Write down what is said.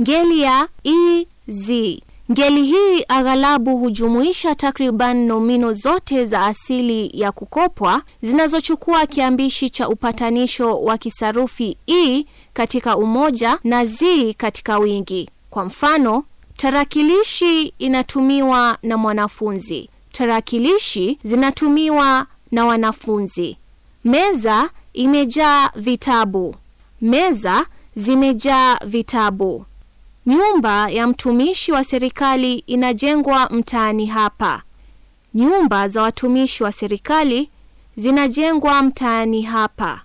Ngeli ya iz. E Ngeli hii aghalabu hujumuisha takriban nomino zote za asili ya kukopwa zinazochukua kiambishi cha upatanisho wa kisarufi i e katika umoja na z katika wingi. Kwa mfano, tarakilishi inatumiwa na mwanafunzi. Tarakilishi zinatumiwa na wanafunzi. Meza imejaa vitabu. Meza zimejaa vitabu. Nyumba ya mtumishi wa serikali inajengwa mtaani hapa. Nyumba za watumishi wa serikali zinajengwa mtaani hapa.